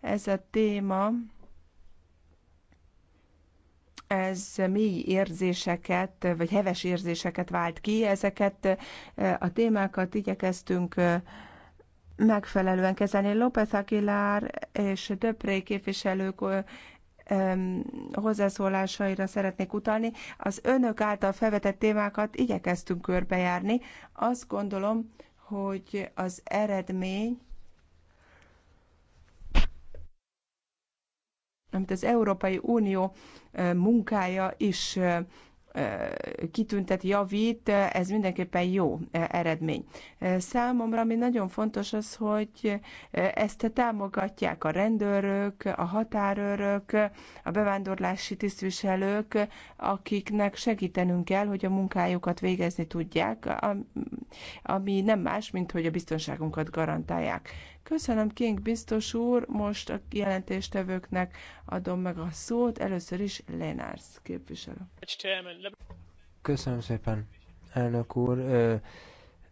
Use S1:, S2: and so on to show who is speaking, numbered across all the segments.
S1: ez a téma, ez mély érzéseket, vagy heves érzéseket vált ki. Ezeket eh, a témákat igyekeztünk eh, megfelelően kezelni. López Aguilar és Döpré képviselők eh, hozzászólásaira szeretnék utalni. Az önök által felvetett témákat igyekeztünk körbejárni. Azt gondolom, hogy az eredmény amit az Európai Unió munkája is kitüntet, javít, ez mindenképpen jó eredmény. Számomra, ami nagyon fontos az, hogy ezt támogatják a rendőrök, a határőrök, a bevándorlási tisztviselők, akiknek segítenünk kell, hogy a munkájukat végezni tudják, ami nem más, mint hogy a biztonságunkat garantálják. Köszönöm King biztos úr, most a jelentéstevőknek adom meg a szót, először is Lenárs képviselő.
S2: Köszönöm szépen, elnök úr.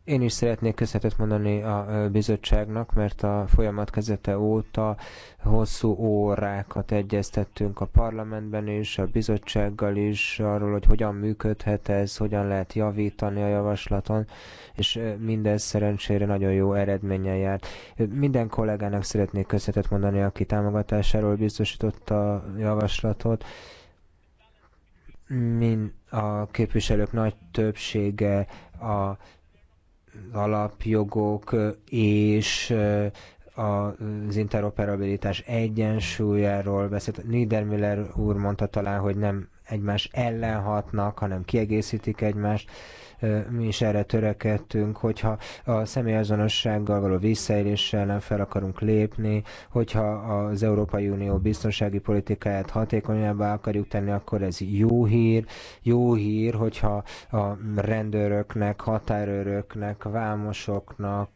S2: Én is szeretnék köszönetet mondani a bizottságnak, mert a folyamat kezdete óta hosszú órákat egyeztettünk a parlamentben is, a bizottsággal is, arról, hogy hogyan működhet ez, hogyan lehet javítani a javaslaton, és mindez szerencsére nagyon jó eredménnyel járt. Minden kollégának szeretnék köszönetet mondani, aki támogatásáról biztosította a javaslatot. Mind a képviselők nagy többsége a alapjogok és az interoperabilitás egyensúlyáról beszélt. Niedermüller úr mondta talán, hogy nem egymás ellen hatnak, hanem kiegészítik egymást mi is erre törekedtünk, hogyha a személyazonossággal való visszaéléssel nem fel akarunk lépni, hogyha az Európai Unió biztonsági politikáját hatékonyabbá akarjuk tenni, akkor ez jó hír. Jó hír, hogyha a rendőröknek, határőröknek, vámosoknak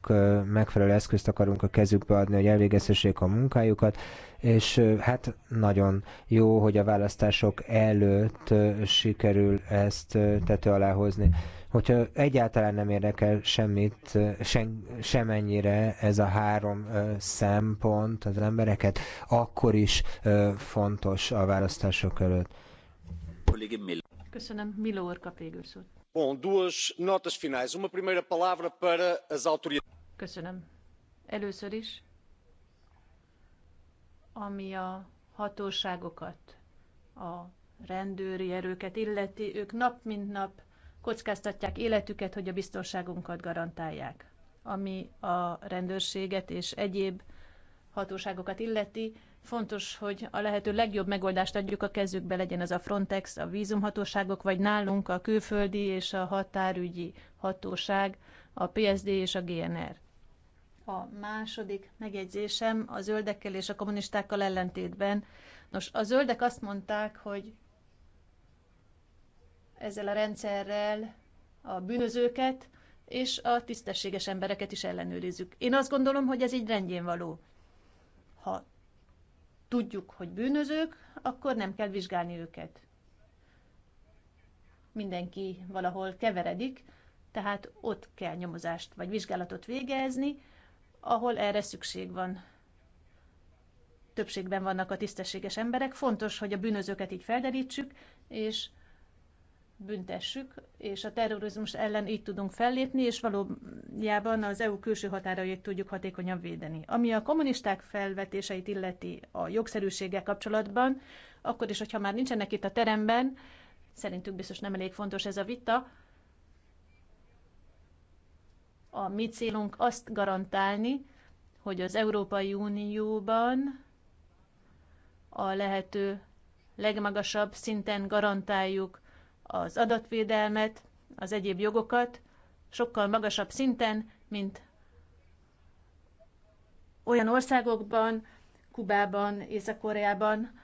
S2: megfelelő eszközt akarunk a kezükbe adni, hogy elvégezhessék a munkájukat, és hát nagyon jó, hogy a választások előtt sikerül ezt tető alá hozni hogyha egyáltalán nem érdekel semmit, sen, semennyire ez a három szempont az embereket, akkor is fontos a választások előtt.
S3: Köszönöm. Milo Orka kap végül szót.
S4: Bom, duas notas finais. Uma primeira palavra para as autoridades.
S3: Köszönöm. Először is, ami a hatóságokat, a rendőri erőket illeti, ők nap mint nap kockáztatják életüket, hogy a biztonságunkat garantálják. Ami a rendőrséget és egyéb hatóságokat illeti, fontos, hogy a lehető legjobb megoldást adjuk a kezükbe, legyen az a Frontex, a vízumhatóságok, vagy nálunk a külföldi és a határügyi hatóság, a PSD és a GNR. A második megjegyzésem a zöldekkel és a kommunistákkal ellentétben. Nos, a zöldek azt mondták, hogy ezzel a rendszerrel a bűnözőket és a tisztességes embereket is ellenőrizzük. Én azt gondolom, hogy ez így rendjén való. Ha tudjuk, hogy bűnözők, akkor nem kell vizsgálni őket. Mindenki valahol keveredik, tehát ott kell nyomozást vagy vizsgálatot végezni, ahol erre szükség van. Többségben vannak a tisztességes emberek, fontos, hogy a bűnözőket így felderítsük, és büntessük, és a terrorizmus ellen így tudunk fellépni, és valójában az EU külső határait tudjuk hatékonyan védeni. Ami a kommunisták felvetéseit illeti a jogszerűséggel kapcsolatban, akkor is, hogyha már nincsenek itt a teremben, szerintük biztos nem elég fontos ez a vita, a mi célunk azt garantálni, hogy az Európai Unióban a lehető legmagasabb szinten garantáljuk az adatvédelmet, az egyéb jogokat sokkal magasabb szinten, mint olyan országokban, Kubában, Észak-Koreában,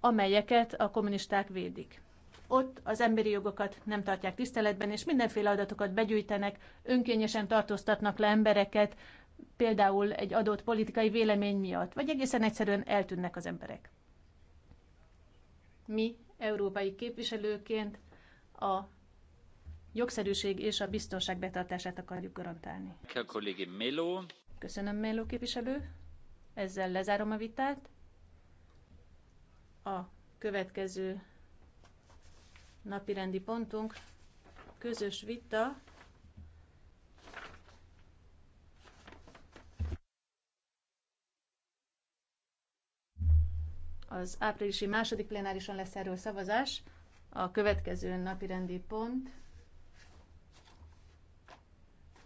S3: amelyeket a kommunisták védik. Ott az emberi jogokat nem tartják tiszteletben, és mindenféle adatokat begyűjtenek, önkényesen tartóztatnak le embereket, például egy adott politikai vélemény miatt, vagy egészen egyszerűen eltűnnek az emberek. Mi, európai képviselőként a jogszerűség és a biztonság betartását akarjuk garantálni. Melo. Köszönöm, Melo képviselő. Ezzel lezárom a vitát. A következő napirendi pontunk közös vita az áprilisi második plenárison lesz erről szavazás. A következő napi rendi pont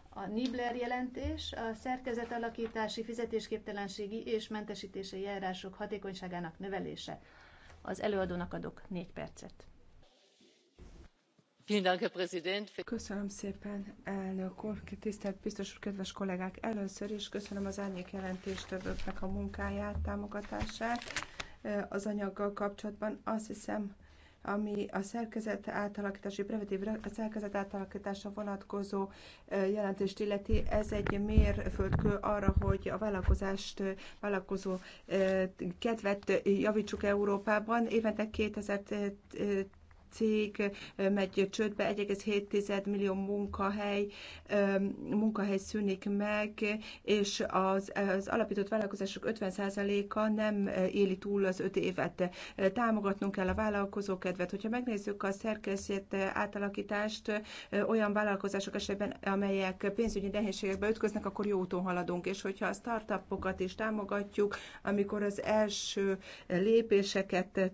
S3: a Nibler jelentés a szerkezetalakítási, fizetésképtelenségi és mentesítési járások hatékonyságának növelése. Az előadónak adok négy percet.
S1: Köszönöm szépen, elnök úr, tisztelt biztos úr, kedves kollégák! Először is köszönöm az árnyék jelentéstevőknek a munkáját, támogatását az anyaggal kapcsolatban. Azt hiszem, ami a szerkezet átalakítási, preventív szerkezet átalakítása vonatkozó jelentést illeti. Ez egy mérföldkő arra, hogy a vállalkozást, vállalkozó kedvet javítsuk Európában. Évente 2000 cég megy csődbe, 1,7 millió munkahely, munkahely szűnik meg, és az, az alapított vállalkozások 50%-a nem éli túl az 5 évet. Támogatnunk kell a kedvet. Hogyha megnézzük a szerkezet átalakítást olyan vállalkozások esetben, amelyek pénzügyi nehézségekbe ütköznek, akkor jó úton haladunk. És hogyha a startupokat is támogatjuk, amikor az első lépéseket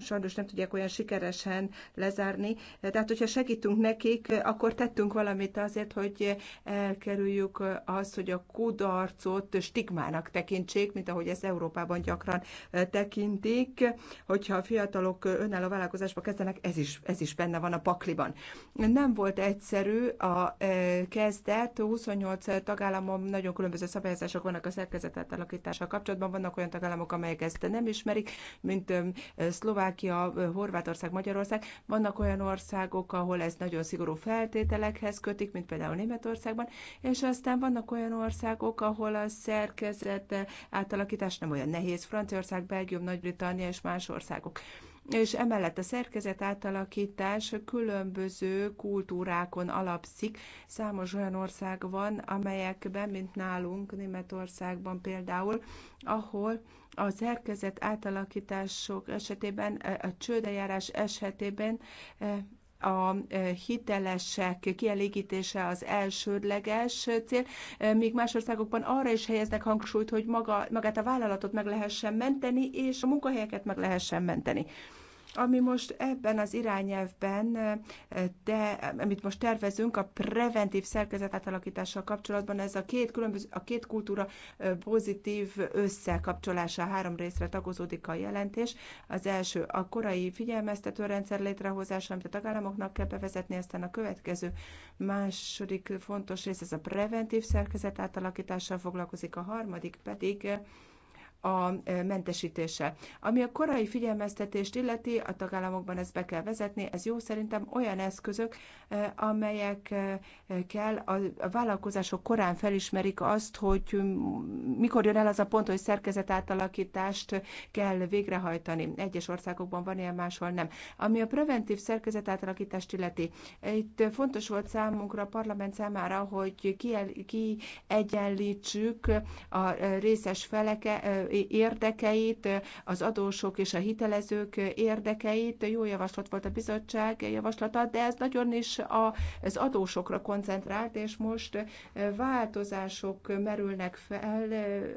S1: sajnos nem tudják olyan sikeres teljesen lezárni. Tehát, hogyha segítünk nekik, akkor tettünk valamit azért, hogy elkerüljük azt, hogy a kudarcot stigmának tekintsék, mint ahogy ez Európában gyakran tekintik. Hogyha a fiatalok önálló vállalkozásba kezdenek, ez is, ez is benne van a pakliban. Nem volt egyszerű a e, kezdet, 28 tagállamon nagyon különböző szabályozások vannak a szerkezetet alakítással kapcsolatban, vannak olyan tagállamok, amelyek ezt nem ismerik, mint Szlovákia, Horvátország, Magyarország, Magyarország. Vannak olyan országok, ahol ez nagyon szigorú feltételekhez kötik, mint például Németországban, és aztán vannak olyan országok, ahol a szerkezet átalakítás nem olyan nehéz. Franciaország, Belgium, Nagy-Britannia és más országok és emellett a szerkezet átalakítás különböző kultúrákon alapszik. Számos olyan ország van, amelyekben, mint nálunk, Németországban például, ahol a szerkezet átalakítások esetében, a csődeljárás esetében eh, a hitelesek kielégítése az elsődleges cél, míg más országokban arra is helyeznek hangsúlyt, hogy maga, magát a vállalatot meg lehessen menteni, és a munkahelyeket meg lehessen menteni. Ami most ebben az irányelvben, de amit most tervezünk a preventív szerkezet átalakítással kapcsolatban, ez a két, különböző, a két kultúra pozitív összekapcsolása három részre tagozódik a jelentés. Az első a korai figyelmeztető rendszer létrehozása, amit a tagállamoknak kell bevezetni, aztán a következő második fontos rész, ez a preventív szerkezet átalakítással foglalkozik, a harmadik pedig a e, mentesítése. Ami a korai figyelmeztetést illeti, a tagállamokban ezt be kell vezetni, ez jó szerintem olyan eszközök, e, amelyekkel e, a vállalkozások korán felismerik azt, hogy mikor jön el az a pont, hogy szerkezet átalakítást kell végrehajtani. Egyes országokban van ilyen, máshol nem. Ami a preventív szerkezet átalakítást illeti, itt fontos volt számunkra, a parlament számára, hogy kiegyenlítsük a részes feleke, érdekeit, az adósok és a hitelezők érdekeit. Jó javaslat volt a bizottság javaslata, de ez nagyon is az adósokra koncentrált, és most változások merülnek fel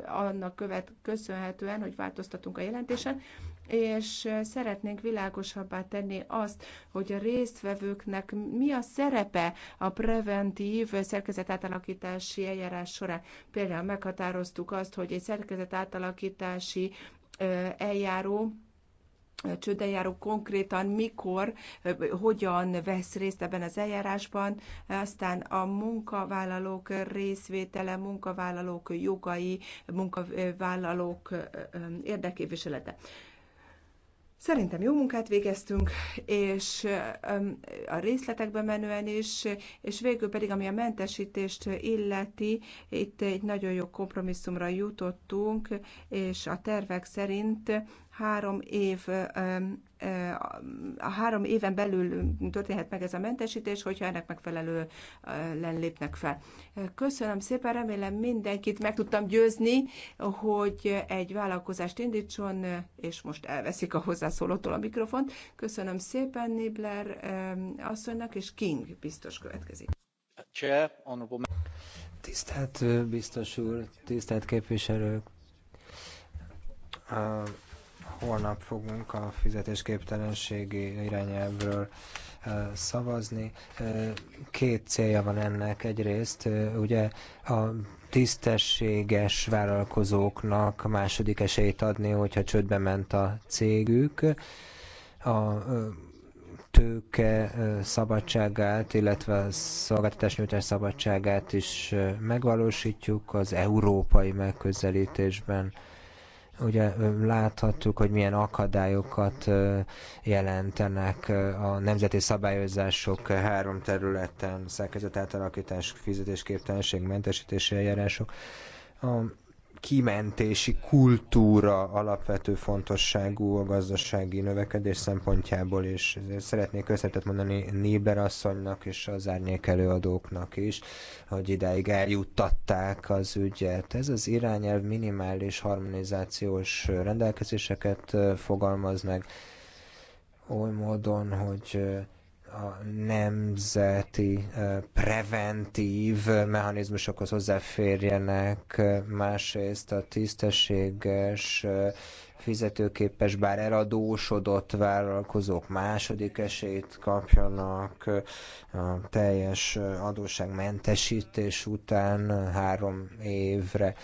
S1: annak követ, köszönhetően, hogy változtatunk a jelentésen és szeretnénk világosabbá tenni azt, hogy a résztvevőknek mi a szerepe a preventív szerkezet átalakítási eljárás során. Például meghatároztuk azt, hogy egy szerkezet átalakítási eljáró csődeljáró konkrétan mikor, hogyan vesz részt ebben az eljárásban, aztán a munkavállalók részvétele, munkavállalók jogai, munkavállalók érdekképviselete. Szerintem jó munkát végeztünk, és a részletekbe menően is, és végül pedig, ami a mentesítést illeti, itt egy nagyon jó kompromisszumra jutottunk, és a tervek szerint három év a három éven belül történhet meg ez a mentesítés, hogyha ennek megfelelően lépnek fel. Köszönöm szépen, remélem mindenkit meg tudtam győzni, hogy egy vállalkozást indítson, és most elveszik a hozzászólótól a mikrofont. Köszönöm szépen Nibler asszonynak, és King biztos következik.
S2: Tisztelt biztos úr, tisztelt képviselők! Holnap fogunk a fizetésképtelenségi irányelvről szavazni. Két célja van ennek. Egyrészt ugye a tisztességes vállalkozóknak második esélyt adni, hogyha csődbe ment a cégük. A tőke szabadságát, illetve a szolgáltatásnyújtás szabadságát is megvalósítjuk az európai megközelítésben. Ugye láthattuk, hogy milyen akadályokat jelentenek a nemzeti szabályozások három területen, szerkezet átalakítás, fizetésképtelenség, mentesítési eljárások. A kimentési kultúra alapvető fontosságú a gazdasági növekedés szempontjából, és szeretnék összetett mondani Néber asszonynak és az árnyék előadóknak is, hogy ideig eljuttatták az ügyet. Ez az irányelv minimális harmonizációs rendelkezéseket fogalmaz meg oly módon, hogy a nemzeti preventív mechanizmusokhoz hozzáférjenek, másrészt a tisztességes, fizetőképes, bár eladósodott vállalkozók második esélyt kapjanak a teljes adósságmentesítés után három évre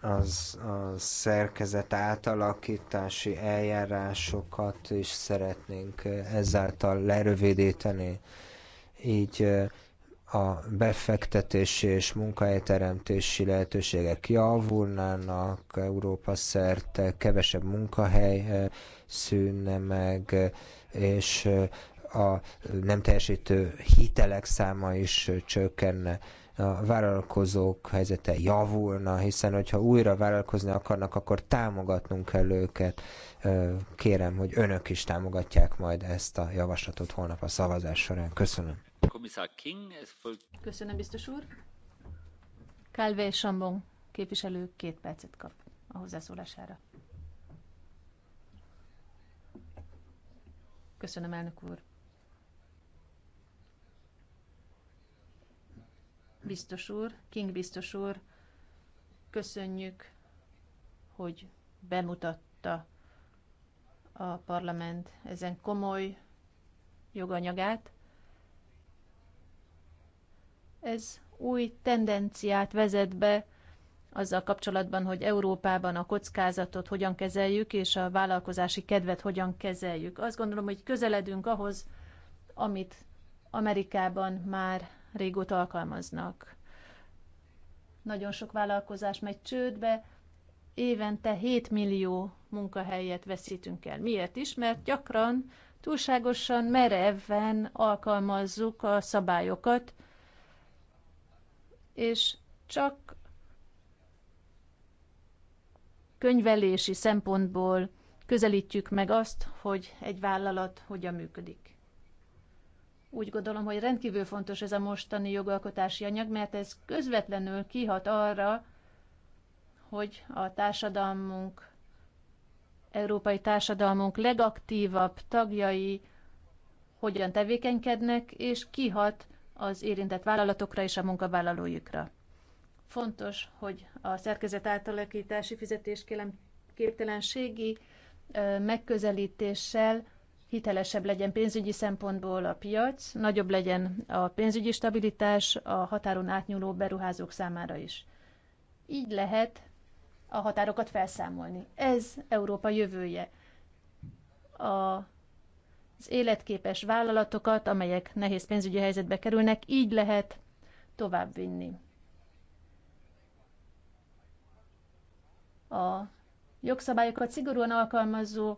S2: az a szerkezet átalakítási eljárásokat is szeretnénk ezáltal lerövidíteni. Így a befektetési és munkahelyteremtési lehetőségek javulnának Európa szerte, kevesebb munkahely szűnne meg, és a nem teljesítő hitelek száma is csökkenne a vállalkozók helyzete javulna, hiszen hogyha újra vállalkozni akarnak, akkor támogatnunk kell őket. Kérem, hogy önök is támogatják majd ezt a javaslatot holnap a szavazás során. Köszönöm.
S3: Köszönöm, biztos úr. Kálvé Sambon képviselő két percet kap a hozzászólására. Köszönöm, elnök úr. biztos úr, King biztos úr, köszönjük, hogy bemutatta a parlament ezen komoly joganyagát. Ez új tendenciát vezet be azzal kapcsolatban, hogy Európában a kockázatot hogyan kezeljük, és a vállalkozási kedvet hogyan kezeljük. Azt gondolom, hogy közeledünk ahhoz, amit Amerikában már régóta alkalmaznak. Nagyon sok vállalkozás megy csődbe, évente 7 millió munkahelyet veszítünk el. Miért is? Mert gyakran túlságosan merevven alkalmazzuk a szabályokat, és csak könyvelési szempontból közelítjük meg azt, hogy egy vállalat hogyan működik. Úgy gondolom, hogy rendkívül fontos ez a mostani jogalkotási anyag, mert ez közvetlenül kihat arra, hogy a társadalmunk, európai társadalmunk legaktívabb tagjai hogyan tevékenykednek, és kihat az érintett vállalatokra és a munkavállalójukra. Fontos, hogy a szerkezet átalakítási fizetésképtelenségi megközelítéssel hitelesebb legyen pénzügyi szempontból a piac, nagyobb legyen a pénzügyi stabilitás a határon átnyúló beruházók számára is. Így lehet a határokat felszámolni. Ez Európa jövője. A az életképes vállalatokat, amelyek nehéz pénzügyi helyzetbe kerülnek, így lehet továbbvinni. A jogszabályokat szigorúan alkalmazó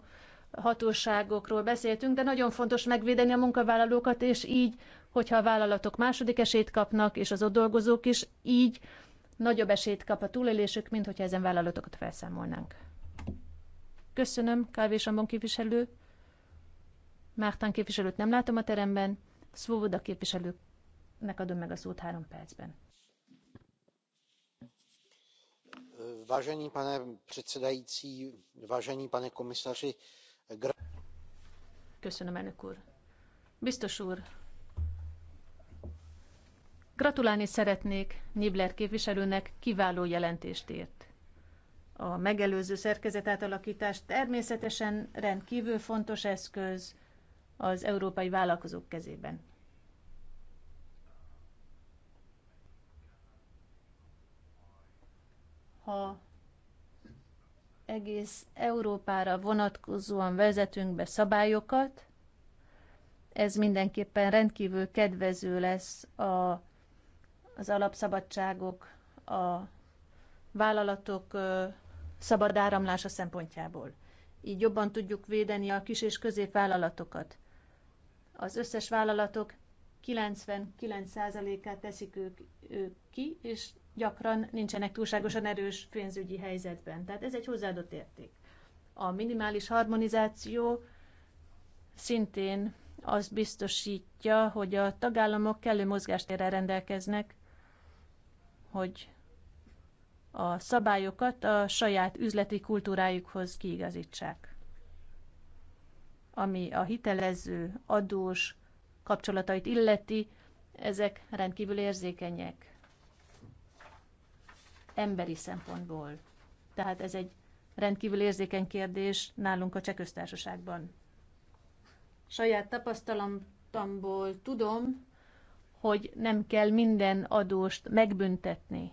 S3: hatóságokról beszéltünk, de nagyon fontos megvédeni a munkavállalókat, és így, hogyha a vállalatok második esélyt kapnak, és az ott dolgozók is, így nagyobb esélyt kap a túlélésük, mint hogyha ezen vállalatokat felszámolnánk. Köszönöm, Kávésambon képviselő. Mártán képviselőt nem látom a teremben. Szvoboda képviselőnek adom meg a szót három percben.
S2: Vážený pane předsedající, vážený pane komisaři,
S3: Köszönöm, elnök úr. Biztos úr, gratulálni szeretnék Nibler képviselőnek kiváló jelentést ért. A megelőző szerkezet átalakítás természetesen rendkívül fontos eszköz az európai vállalkozók kezében. Ha egész Európára vonatkozóan vezetünk be szabályokat, ez mindenképpen rendkívül kedvező lesz a, az alapszabadságok, a vállalatok szabad áramlása szempontjából. Így jobban tudjuk védeni a kis és középvállalatokat. Az összes vállalatok 99%-át teszik ők, ők ki, és gyakran nincsenek túlságosan erős pénzügyi helyzetben. Tehát ez egy hozzáadott érték. A minimális harmonizáció szintén azt biztosítja, hogy a tagállamok kellő mozgástérrel rendelkeznek, hogy a szabályokat a saját üzleti kultúrájukhoz kiigazítsák. Ami a hitelező, adós kapcsolatait illeti, ezek rendkívül érzékenyek emberi szempontból. Tehát ez egy rendkívül érzékeny kérdés nálunk a Csehköztársaságban. Saját tapasztalatomból tudom, hogy nem kell minden adóst megbüntetni,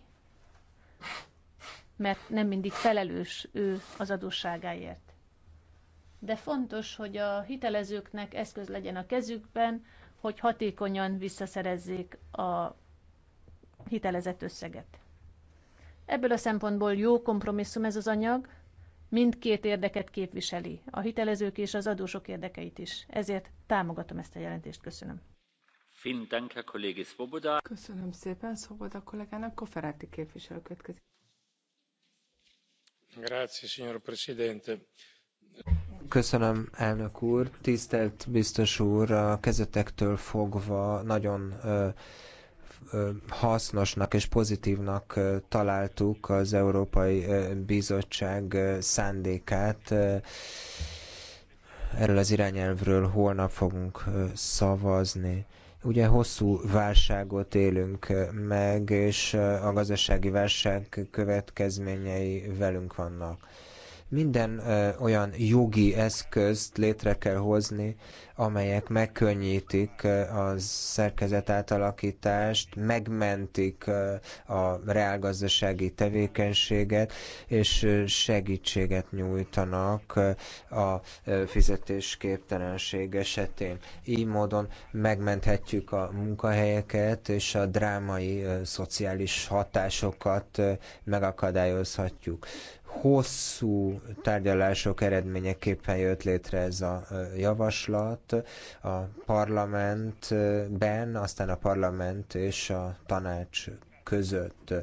S3: mert nem mindig felelős ő az adósságáért. De fontos, hogy a hitelezőknek eszköz legyen a kezükben, hogy hatékonyan visszaszerezzék a hitelezett összeget. Ebből a szempontból jó kompromisszum ez az anyag, mindkét érdeket képviseli, a hitelezők és az adósok érdekeit is. Ezért
S1: támogatom ezt a jelentést. Köszönöm. Köszönöm szépen Szoboda kollégának. Koferáti képviselő következik.
S4: Grazie, signor Presidente.
S2: Köszönöm, elnök úr. Tisztelt biztos úr, a kezetektől fogva nagyon uh, hasznosnak és pozitívnak találtuk az Európai Bizottság szándékát. Erről az irányelvről holnap fogunk szavazni ugye hosszú válságot élünk meg, és a gazdasági válság következményei velünk vannak. Minden olyan jogi eszközt létre kell hozni, amelyek megkönnyítik a szerkezet átalakítást, megmentik a reálgazdasági tevékenységet, és segítséget nyújtanak a fizetésképtelenség esetén. Így módon megmenthetjük a munkahelyeket, és a drámai szociális hatásokat megakadályozhatjuk hosszú tárgyalások eredményeképpen jött létre ez a javaslat a parlamentben, aztán a parlament és a tanács között.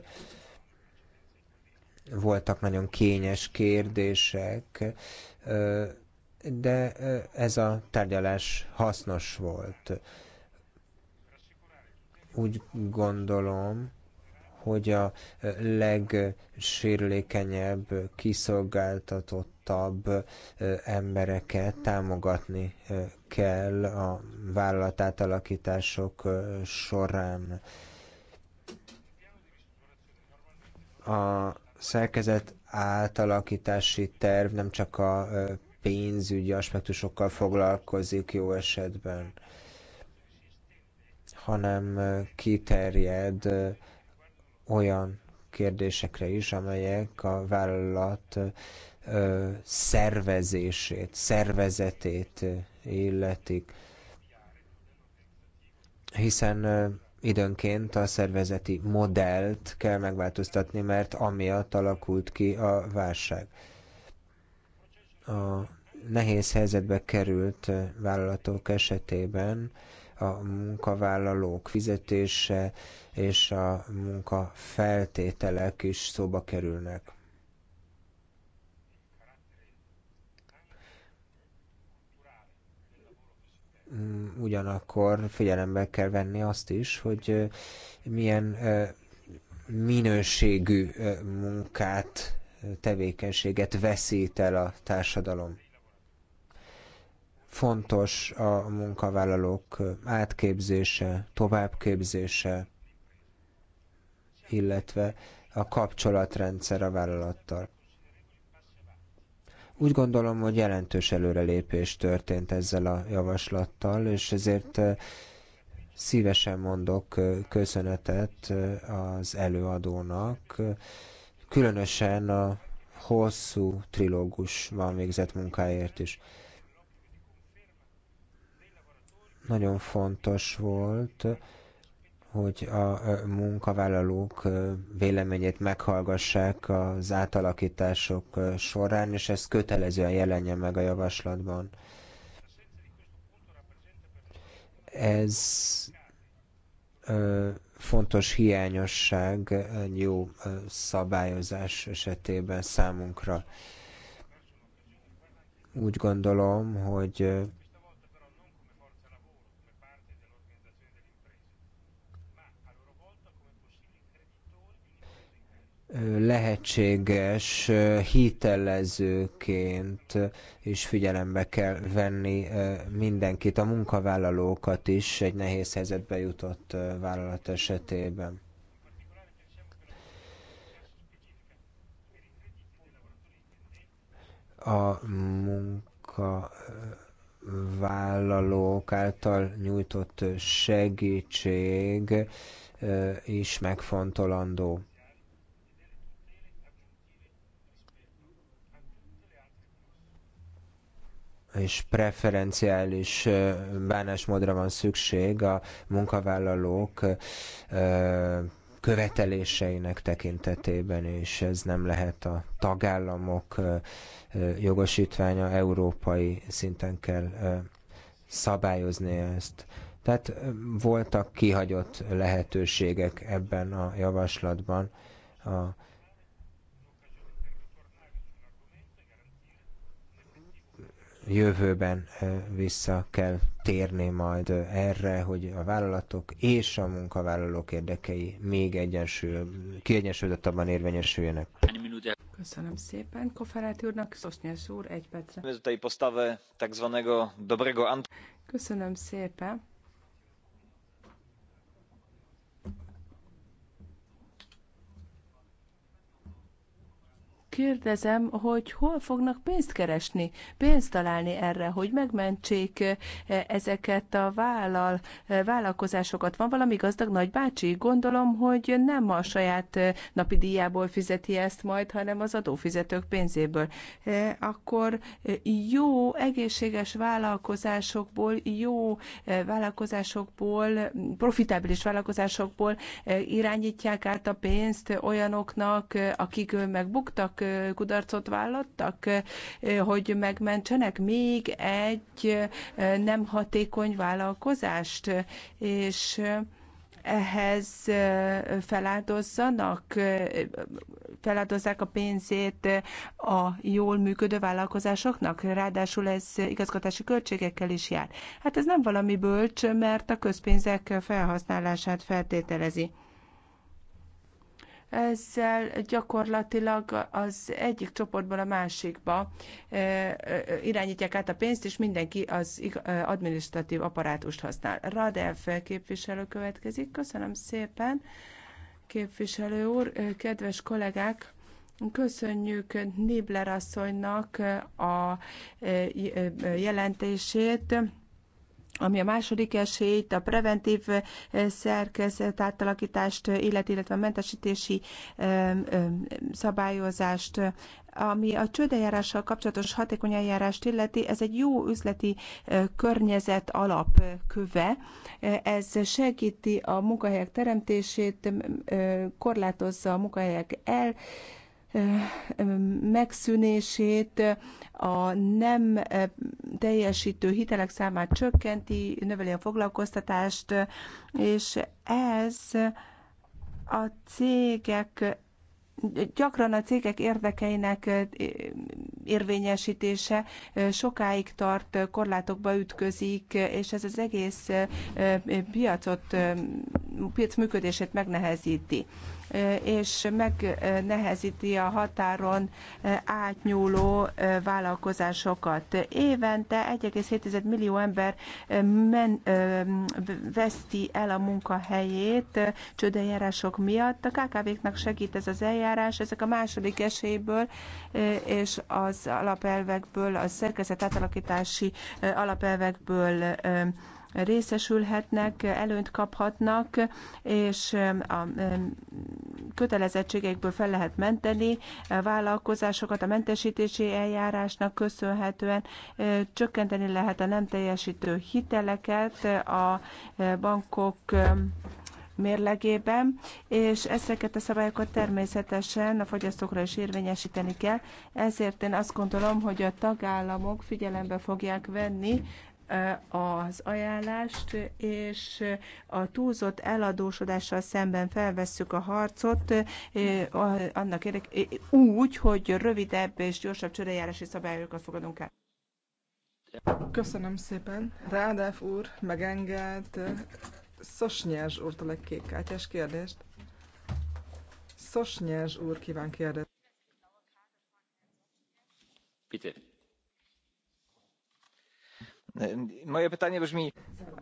S2: Voltak nagyon kényes kérdések, de ez a tárgyalás hasznos volt. Úgy gondolom, hogy a legsérülékenyebb, kiszolgáltatottabb embereket támogatni kell a vállalatátalakítások során. A szerkezet átalakítási terv nem csak a pénzügyi aspektusokkal foglalkozik jó esetben, hanem kiterjed olyan kérdésekre is, amelyek a vállalat szervezését, szervezetét illetik. Hiszen időnként a szervezeti modellt kell megváltoztatni, mert amiatt alakult ki a válság. A nehéz helyzetbe került vállalatok esetében a munkavállalók fizetése, és a munka feltételek is szóba kerülnek. Ugyanakkor figyelembe kell venni azt is, hogy milyen minőségű munkát, tevékenységet veszít el a társadalom fontos a munkavállalók átképzése, továbbképzése, illetve a kapcsolatrendszer a vállalattal. Úgy gondolom, hogy jelentős előrelépés történt ezzel a javaslattal, és ezért eh, szívesen mondok eh, köszönetet eh, az előadónak, különösen a hosszú trilógusban végzett munkáért is. Nagyon fontos volt, hogy a munkavállalók véleményét meghallgassák az átalakítások során, és ez kötelezően jelenjen meg a javaslatban. Ez fontos hiányosság jó szabályozás esetében számunkra. Úgy gondolom, hogy lehetséges hitelezőként is figyelembe kell venni mindenkit, a munkavállalókat is egy nehéz helyzetbe jutott vállalat esetében. A munkavállalók által nyújtott segítség is megfontolandó. és preferenciális bánásmódra van szükség a munkavállalók követeléseinek tekintetében, és ez nem lehet a tagállamok jogosítványa, európai szinten kell szabályozni ezt. Tehát voltak kihagyott lehetőségek ebben a javaslatban a jövőben vissza kell térni majd erre, hogy a vállalatok és a munkavállalók érdekei még egyensúly, kiegyensúlyozottabban érvényesüljenek.
S1: Köszönöm szépen Koferáti úrnak, Szosznyász úr, egy
S2: percre.
S1: Köszönöm szépen. kérdezem, hogy hol fognak pénzt keresni, pénzt találni erre, hogy megmentsék eh, ezeket a vállal, eh, vállalkozásokat. Van valami gazdag nagybácsi? Gondolom, hogy nem a saját eh, napi díjából fizeti ezt majd, hanem az adófizetők pénzéből. Akkor jó, egészséges vállalkozásokból, jó vállalkozásokból, profitábilis vállalkozásokból irányítják át a pénzt olyanoknak, akik megbuktak, kudarcot vállattak, hogy megmentsenek még egy nem hatékony vállalkozást, és ehhez feláldozzanak, feláldozzák a pénzét a jól működő vállalkozásoknak, ráadásul ez igazgatási költségekkel is jár. Hát ez nem valami bölcs, mert a közpénzek felhasználását feltételezi ezzel gyakorlatilag az egyik csoportból a másikba eh, eh, irányítják át a pénzt, és mindenki az eh, administratív apparátust használ. Radev képviselő következik. Köszönöm szépen, képviselő úr, kedves kollégák! Köszönjük Nibler asszonynak a jelentését ami a második esélyt, a preventív eh, szerkezet átalakítást, eh, illet, illetve a mentesítési eh, szabályozást, ami a csődejárással kapcsolatos hatékony eljárást illeti, ez egy jó üzleti környezet alapköve. Ez segíti a munkahelyek teremtését, korlátozza a munkahelyek el, megszűnését, a nem teljesítő hitelek számát csökkenti, növeli a foglalkoztatást, és ez a cégek gyakran a cégek érdekeinek érvényesítése sokáig tart, korlátokba ütközik, és ez az egész piacot, piac működését megnehezíti és megnehezíti a határon eh, átnyúló eh, vállalkozásokat. Évente 1,7 millió ember eh, men, veszti el a munkahelyét csődeljárások miatt. A KKV-knak segít ez az eljárás, ezek a második esélyből és az alapelvekből, a szerkezet átalakítási alapelvekből részesülhetnek, előnyt kaphatnak, és a kötelezettségekből fel lehet menteni a vállalkozásokat a mentesítési eljárásnak köszönhetően, csökkenteni lehet a nem teljesítő hiteleket a bankok mérlegében, és ezeket a szabályokat természetesen a fogyasztókra is érvényesíteni kell. Ezért én azt gondolom, hogy a tagállamok figyelembe fogják venni az ajánlást, és a túlzott eladósodással szemben felvesszük a harcot, annak érdek, úgy, hogy rövidebb és gyorsabb csőrejárási szabályokat fogadunk el. Köszönöm szépen. Rádáv úr
S5: megengedt Szosnyás úrtól egy kártyás kérdést. Szosnyás úr kíván kérdezni. Bitte.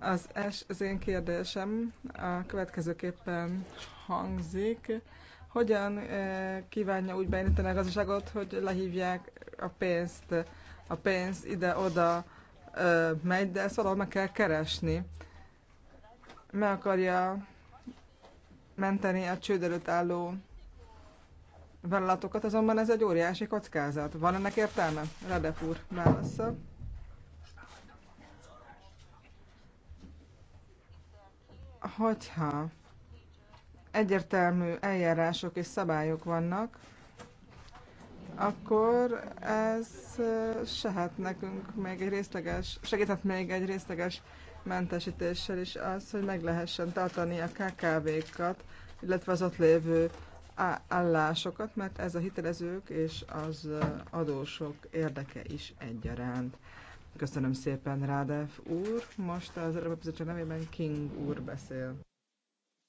S5: Az, es, az én kérdésem a következőképpen hangzik. Hogyan eh, kívánja úgy beindítani a gazdaságot, hogy lehívják a pénzt, a pénz ide-oda eh, megy, de ezt valahol meg kell keresni. Meg akarja menteni a csőd előtt álló vállalatokat, azonban ez egy óriási kockázat. Van ennek értelme? Radef úr válasza. hogyha egyértelmű eljárások és szabályok vannak, akkor ez sehet nekünk még egy részleges, segíthet még egy részleges mentesítéssel is az, hogy meg lehessen tartani a KKV-kat, illetve az ott lévő állásokat, mert ez a hitelezők és az adósok érdeke is egyaránt. Köszönöm szépen, Rádev úr. Most az
S2: Európai Bizottság nevében King úr beszél.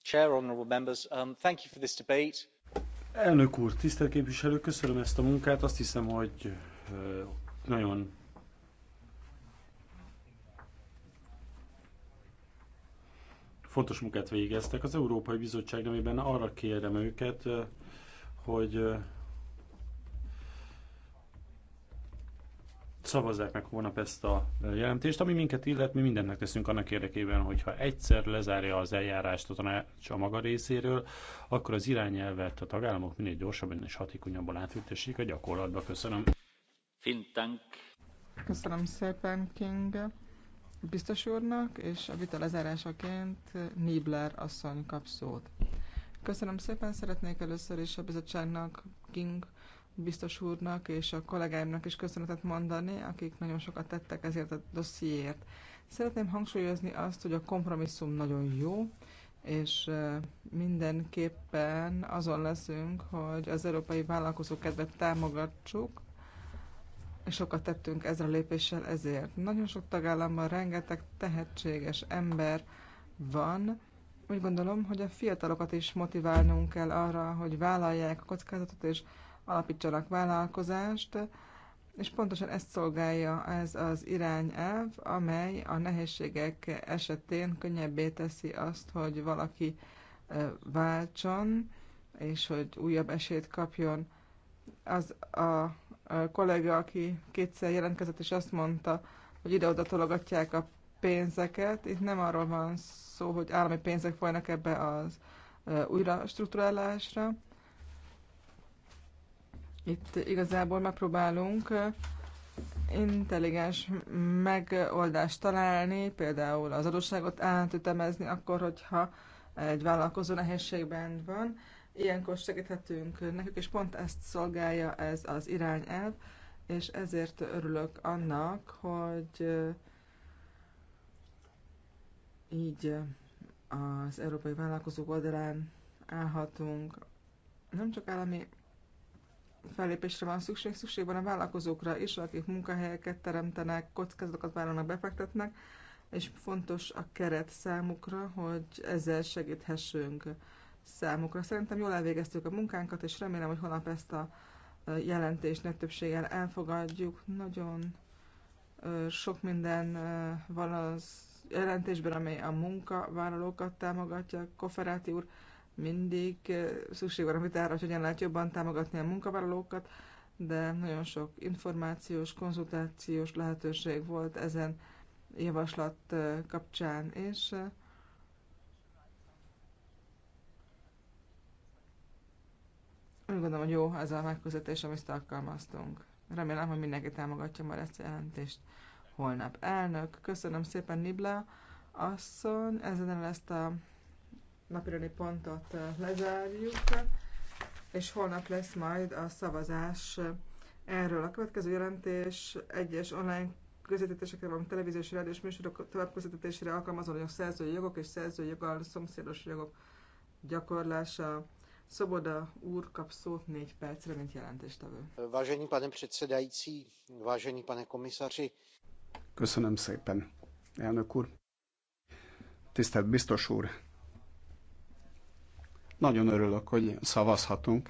S2: Chair, honorable members, um, thank you for this debate.
S6: Elnök úr, tisztelt képviselő, köszönöm ezt a munkát. Azt hiszem, hogy nagyon fontos munkát végeztek. Az Európai Bizottság nevében arra kérem őket, hogy szavazzák meg holnap ezt a jelentést, ami minket illet, mi mindennek teszünk annak érdekében, hogyha egyszer lezárja az eljárást a tanács a maga részéről, akkor az irányelvet a tagállamok minél gyorsabban és hatékonyabban átültessék a gyakorlatba. Köszönöm. Fintank.
S5: Köszönöm szépen, King biztos úrnak, és a vita lezárásaként Nibler asszony kap szót. Köszönöm szépen, szeretnék először is a bizottságnak King biztos úrnak és a kollégáimnak is köszönetet mondani, akik nagyon sokat tettek ezért a dossziért. Szeretném hangsúlyozni azt, hogy a kompromisszum nagyon jó, és mindenképpen azon leszünk, hogy az európai vállalkozók kedvet támogatsuk, és sokat tettünk ezzel a lépéssel ezért. Nagyon sok tagállamban rengeteg tehetséges ember van, úgy gondolom, hogy a fiatalokat is motiválnunk kell arra, hogy vállalják a kockázatot, és alapítsanak vállalkozást, és pontosan ezt szolgálja ez az irányelv, amely a nehézségek esetén könnyebbé teszi azt, hogy valaki váltson, és hogy újabb esélyt kapjon. Az a kollega, aki kétszer jelentkezett, és azt mondta, hogy ide-oda tologatják a pénzeket. Itt nem arról van szó, hogy állami pénzek folynak ebbe az újra struktúrálásra, itt igazából megpróbálunk intelligens megoldást találni, például az adósságot átütemezni akkor, hogyha egy vállalkozó nehézségben van. Ilyenkor segíthetünk nekik, és pont ezt szolgálja ez az irányelv, és ezért örülök annak, hogy így az európai vállalkozók oldalán állhatunk nem csak állami fellépésre van szükség, szükség van a vállalkozókra is, akik munkahelyeket teremtenek, kockázatokat vállalnak, befektetnek, és fontos a keret számukra, hogy ezzel segíthessünk számukra. Szerintem jól elvégeztük a munkánkat, és remélem, hogy holnap ezt a jelentést nagy többséggel elfogadjuk. Nagyon sok minden van az jelentésben, amely a munkavállalókat támogatja. Koferáti úr mindig eh, szükség van a vitára, hogy hogyan lehet jobban támogatni a munkavállalókat, de nagyon sok információs, konzultációs lehetőség volt ezen javaslat eh, kapcsán, és eh, úgy gondolom, hogy jó ez a megközelítés, amit alkalmaztunk. Remélem, hogy mindenki támogatja majd ezt a jelentést holnap. Elnök, köszönöm szépen Nibla asszony, ezen el ezt a napirani pontot lezárjuk, és holnap lesz majd a szavazás erről. A következő jelentés egyes online közvetítésekre, valamint televíziós rádiós műsorok továbbközvetítésére alkalmazó jog, szerzői jogok és szerzői joggal szomszédos jogok gyakorlása. Szoboda úr kap szót négy percre, mint jelentéstevő.
S2: Vážení pane předsedající, vážení pane komisaři.
S4: Köszönöm szépen, elnök úr. Tisztelt biztos úr, nagyon örülök, hogy szavazhatunk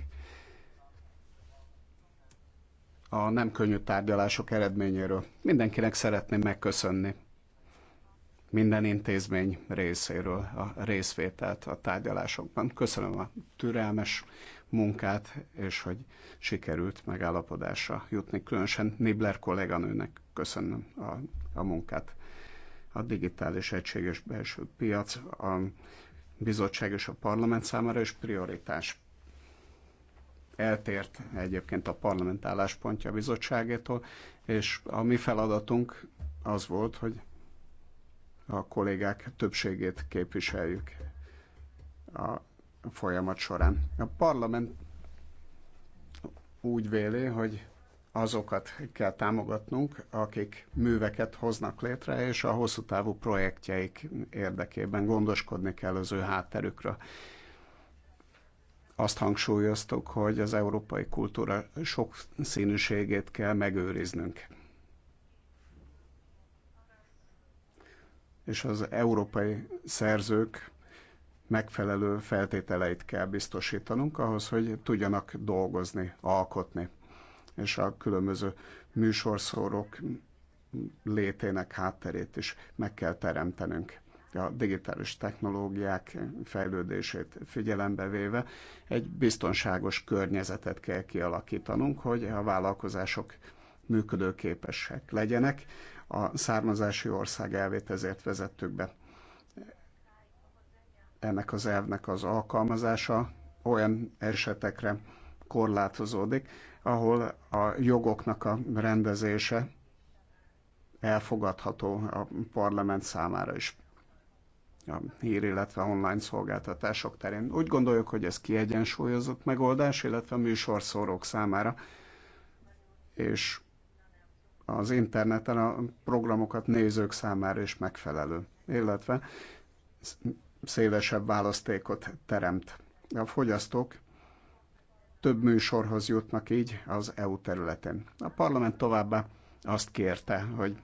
S4: a nem könnyű tárgyalások eredményéről. Mindenkinek szeretném megköszönni minden intézmény részéről a részvételt a tárgyalásokban. Köszönöm a türelmes munkát, és hogy sikerült megállapodásra jutni. Különösen Nibler kolléganőnek köszönöm a, a munkát. A digitális egységes belső piac, a bizottság és a parlament számára is prioritás. Eltért egyébként a parlament álláspontja a bizottságétól, és a mi feladatunk az volt, hogy a kollégák többségét képviseljük a folyamat során. A parlament úgy véli, hogy azokat kell támogatnunk, akik műveket hoznak létre, és a hosszú távú projektjeik érdekében gondoskodni kell az ő hátterükről. Azt hangsúlyoztuk, hogy az európai kultúra sok színűségét kell megőriznünk. És az európai szerzők megfelelő feltételeit kell biztosítanunk ahhoz, hogy tudjanak dolgozni, alkotni és a különböző műsorszórok létének hátterét is meg kell teremtenünk a digitális technológiák fejlődését figyelembe véve egy biztonságos környezetet kell kialakítanunk, hogy a vállalkozások működőképesek legyenek. A származási ország elvét ezért vezettük be. Ennek az elvnek az alkalmazása olyan esetekre korlátozódik, ahol a jogoknak a rendezése elfogadható a parlament számára is a hír, illetve online szolgáltatások terén. Úgy gondoljuk, hogy ez kiegyensúlyozott megoldás, illetve a műsorszórók számára, és az interneten a programokat nézők számára is megfelelő, illetve szélesebb választékot teremt. A fogyasztók több műsorhoz jutnak így az EU területén. A parlament továbbá azt kérte, hogy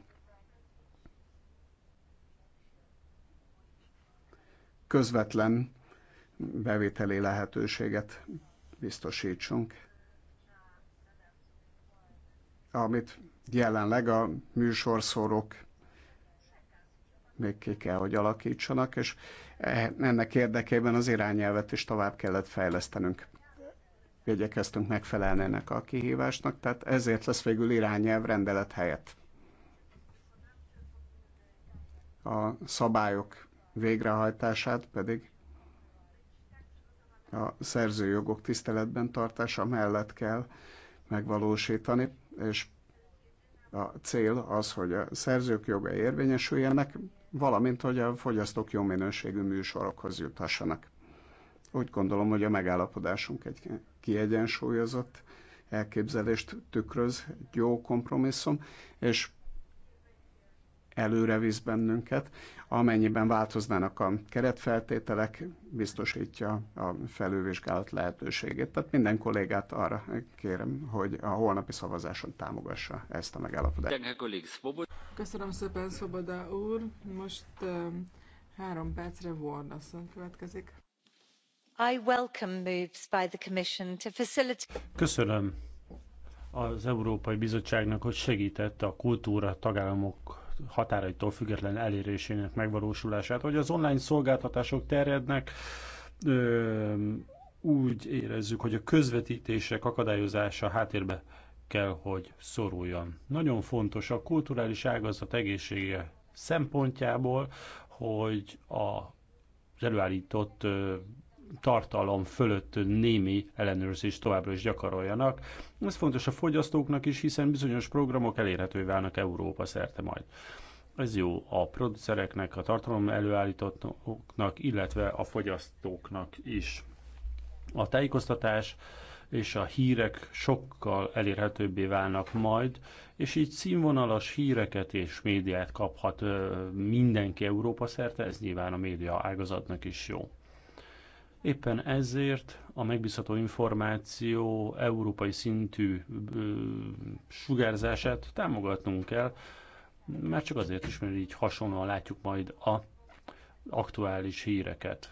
S4: közvetlen bevételi lehetőséget biztosítsunk, amit jelenleg a műsorszórok még ki kell, hogy alakítsanak, és e- ennek érdekében az irányelvet is tovább kellett fejlesztenünk igyekeztünk megfelelni ennek a kihívásnak, tehát ezért lesz végül irányelv rendelet helyett. A szabályok végrehajtását pedig a szerzőjogok tiszteletben tartása mellett kell megvalósítani, és a cél az, hogy a szerzők joga érvényesüljenek, valamint, hogy a fogyasztók jó minőségű műsorokhoz juthassanak. Úgy gondolom, hogy a megállapodásunk egy kiegyensúlyozott elképzelést tükröz, egy jó kompromisszum, és előre visz bennünket, amennyiben változnának a keretfeltételek, biztosítja a felülvizsgálat lehetőségét. Tehát minden kollégát arra kérem, hogy a holnapi szavazáson támogassa ezt a megállapodást.
S5: Köszönöm szépen, Szoboda úr. Most um,
S3: három percre Warnason következik.
S6: Köszönöm az Európai Bizottságnak, hogy segítette a kultúra tagállamok határaitól független elérésének megvalósulását, hogy az online szolgáltatások terjednek, úgy érezzük, hogy a közvetítések akadályozása háttérbe kell, hogy szoruljon. Nagyon fontos a kulturális ágazat egészsége szempontjából, hogy a az előállított tartalom fölött némi ellenőrzést továbbra is gyakoroljanak. Ez fontos a fogyasztóknak is, hiszen bizonyos programok elérhetővé válnak Európa szerte majd. Ez jó a producereknek, a tartalom előállítóknak, illetve a fogyasztóknak is. A tájékoztatás és a hírek sokkal elérhetőbbé válnak majd, és így színvonalas híreket és médiát kaphat mindenki Európa szerte, ez nyilván a média ágazatnak is jó. Éppen ezért a megbízható információ európai szintű sugárzását támogatnunk kell, mert csak azért is, mert így hasonlóan látjuk majd a aktuális híreket.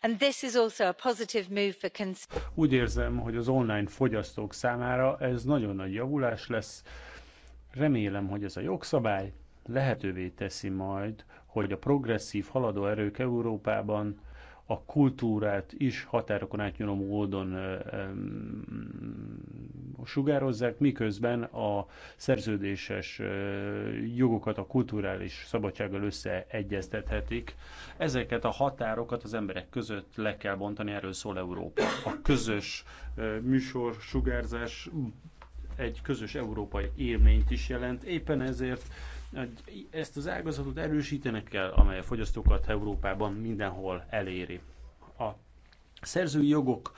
S3: And this is also a positive move for
S6: Úgy érzem, hogy az online fogyasztók számára ez nagyon nagy javulás lesz. Remélem, hogy ez a jogszabály lehetővé teszi majd, hogy a progresszív haladó erők Európában a kultúrát is határokon átnyúló módon sugározzák, miközben a szerződéses jogokat a kulturális szabadsággal összeegyeztethetik. Ezeket a határokat az emberek között le kell bontani, erről szól Európa. A közös műsor sugárzás egy közös európai élményt is jelent, éppen ezért ezt az ágazatot erősítenek kell, amely a fogyasztókat Európában mindenhol eléri. A szerzői jogok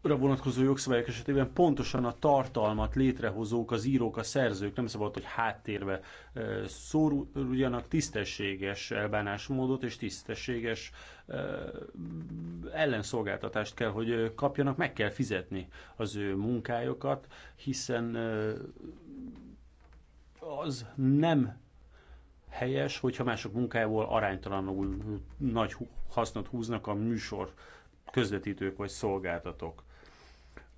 S6: vonatkozó jogszabályok esetében pontosan a tartalmat létrehozók, az írók, a szerzők nem szabad, hogy háttérbe szóruljanak tisztességes elbánásmódot és tisztességes ellenszolgáltatást kell, hogy kapjanak, meg kell fizetni az ő munkájukat, hiszen az nem helyes, hogyha mások munkájából aránytalanul nagy hasznot húznak a műsor közvetítők vagy szolgáltatók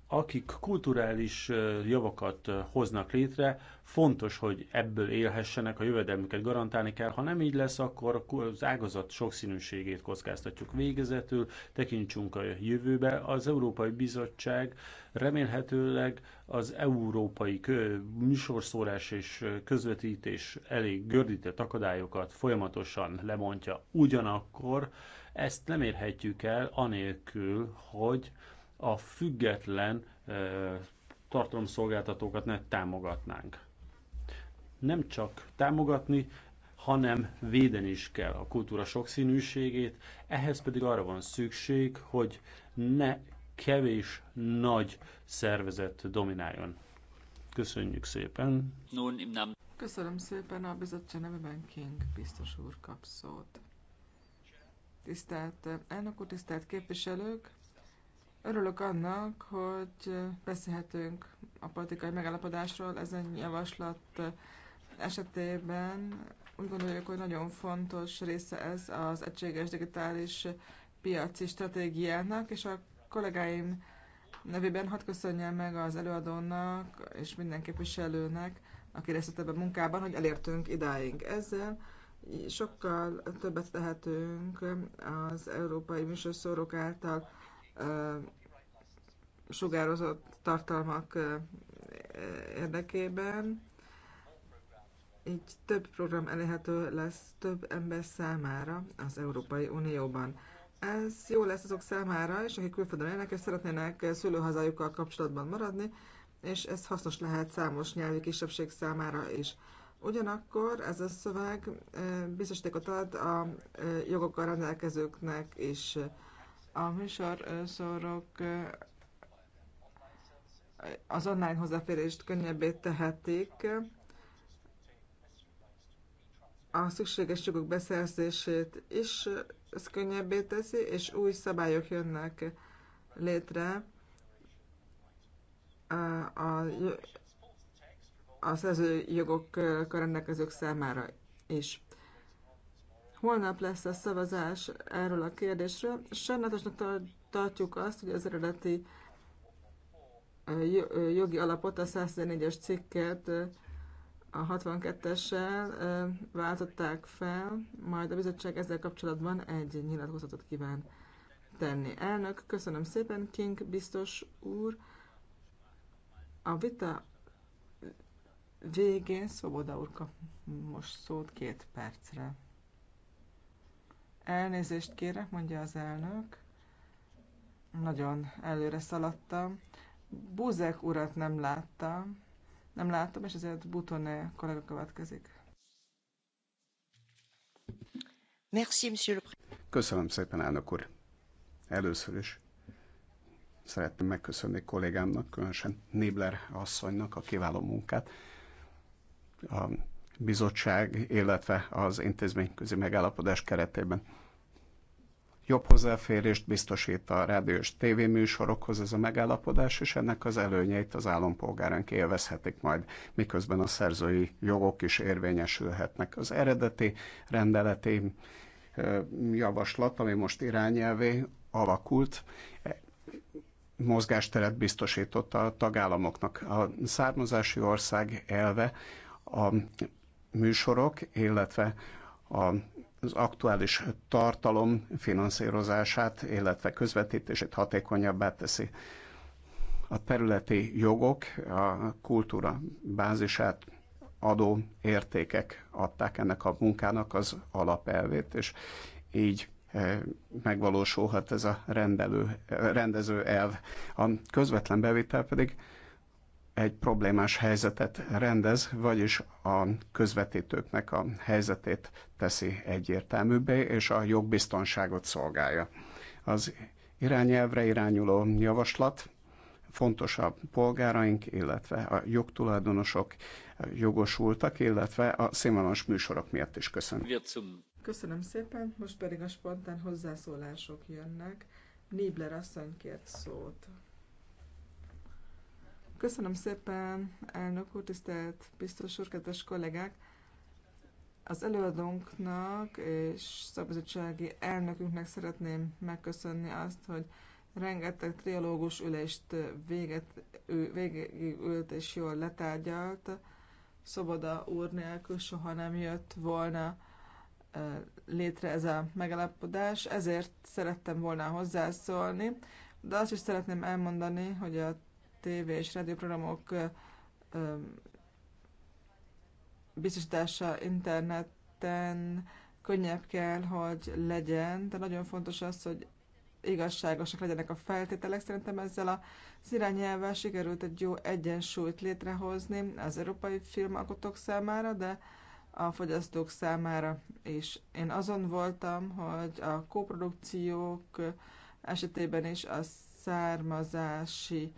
S6: akik kulturális javakat hoznak létre, fontos, hogy ebből élhessenek, a jövedelmüket garantálni kell. Ha nem így lesz, akkor az ágazat sokszínűségét kockáztatjuk végezetül, tekintsünk a jövőbe. Az Európai Bizottság remélhetőleg az európai műsorszórás és közvetítés elég gördített akadályokat folyamatosan lemondja. Ugyanakkor ezt nem érhetjük el anélkül, hogy a független tartalomszolgáltatókat ne támogatnánk. Nem csak támogatni, hanem védeni is kell a kultúra sokszínűségét, ehhez pedig arra van szükség, hogy ne kevés nagy szervezet domináljon. Köszönjük szépen!
S5: Köszönöm szépen a bizottság nevében King biztos úr kap szót. Tisztelt elnök úr, tisztelt képviselők! Örülök annak, hogy beszélhetünk a politikai megállapodásról ezen javaslat esetében. Úgy gondoljuk, hogy nagyon fontos része ez az egységes digitális piaci stratégiának, és a kollégáim nevében hadd köszönjem meg az előadónak és minden képviselőnek, aki részt ebben a munkában, hogy elértünk idáig. Ezzel sokkal többet tehetünk az európai Műsorszórok által sugározott tartalmak érdekében. Így több program elérhető lesz több ember számára az Európai Unióban. Ez jó lesz azok számára és akik külföldön élnek és szeretnének szülőhazájukkal kapcsolatban maradni, és ez hasznos lehet számos nyelvi kisebbség számára is. Ugyanakkor ez a szöveg biztosítékot ad a jogokkal rendelkezőknek is. És a műsorszorok az online hozzáférést könnyebbé tehetik, a szükséges jogok beszerzését is ez könnyebbé teszi, és új szabályok jönnek létre a, a, a szerzőjogokkal rendelkezők számára is. Holnap lesz a szavazás erről a kérdésről. Sajnálatosnak tartjuk azt, hogy az eredeti jogi alapot, a 104-es cikket a 62-essel váltották fel, majd a bizottság ezzel kapcsolatban egy nyilatkozatot kíván tenni. Elnök, köszönöm szépen, King biztos úr. A vita végén Szoboda úr kap most szót két percre. Elnézést kérek, mondja az elnök. Nagyon előre szaladtam. Buzek urat nem láttam. Nem láttam, és ezért Butoné kollega következik.
S1: Merci, monsieur le
S4: Köszönöm szépen, elnök úr. Először is szeretném megköszönni kollégámnak, különösen Nébler asszonynak a kiváló munkát. A bizottság, illetve az intézményközi megállapodás keretében. Jobb hozzáférést biztosít a rádió és tévéműsorokhoz ez a megállapodás, és ennek az előnyeit az állampolgáránk élvezhetik majd, miközben a szerzői jogok is érvényesülhetnek. Az eredeti rendeleti javaslat, ami most irányelvé alakult, mozgásteret biztosított a tagállamoknak. A származási ország elve a műsorok, illetve a az aktuális tartalom finanszírozását, illetve közvetítését hatékonyabbá teszi. A területi jogok a kultúra bázisát adó értékek adták ennek a munkának az alapelvét, és így eh, megvalósulhat ez a rendelő, eh, rendező elv. A közvetlen bevétel pedig egy problémás helyzetet rendez, vagyis a közvetítőknek a helyzetét teszi egyértelműbbé, és a jogbiztonságot szolgálja. Az irányelvre irányuló javaslat fontos a polgáraink, illetve a jogtulajdonosok jogosultak, illetve a színvonalas műsorok miatt is köszönöm.
S5: Köszönöm szépen, most pedig a spontán hozzászólások jönnek. Nibler asszony kért szót. Köszönöm szépen, elnök úr, tisztelt biztos úr, kedves kollégák! Az előadónknak és szabadsági elnökünknek szeretném megköszönni azt, hogy rengeteg triológus ülést véget, végigült és jól letárgyalt. Szoboda úr nélkül soha nem jött volna létre ez a megalapodás. ezért szerettem volna hozzászólni, de azt is szeretném elmondani, hogy a tévé és rádióprogramok biztosítása interneten könnyebb kell, hogy legyen, de nagyon fontos az, hogy igazságosak legyenek a feltételek. Szerintem ezzel az irányelvvel sikerült egy jó egyensúlyt létrehozni az európai filmalkotók számára, de a fogyasztók számára is. Én azon voltam, hogy a koprodukciók esetében is a származási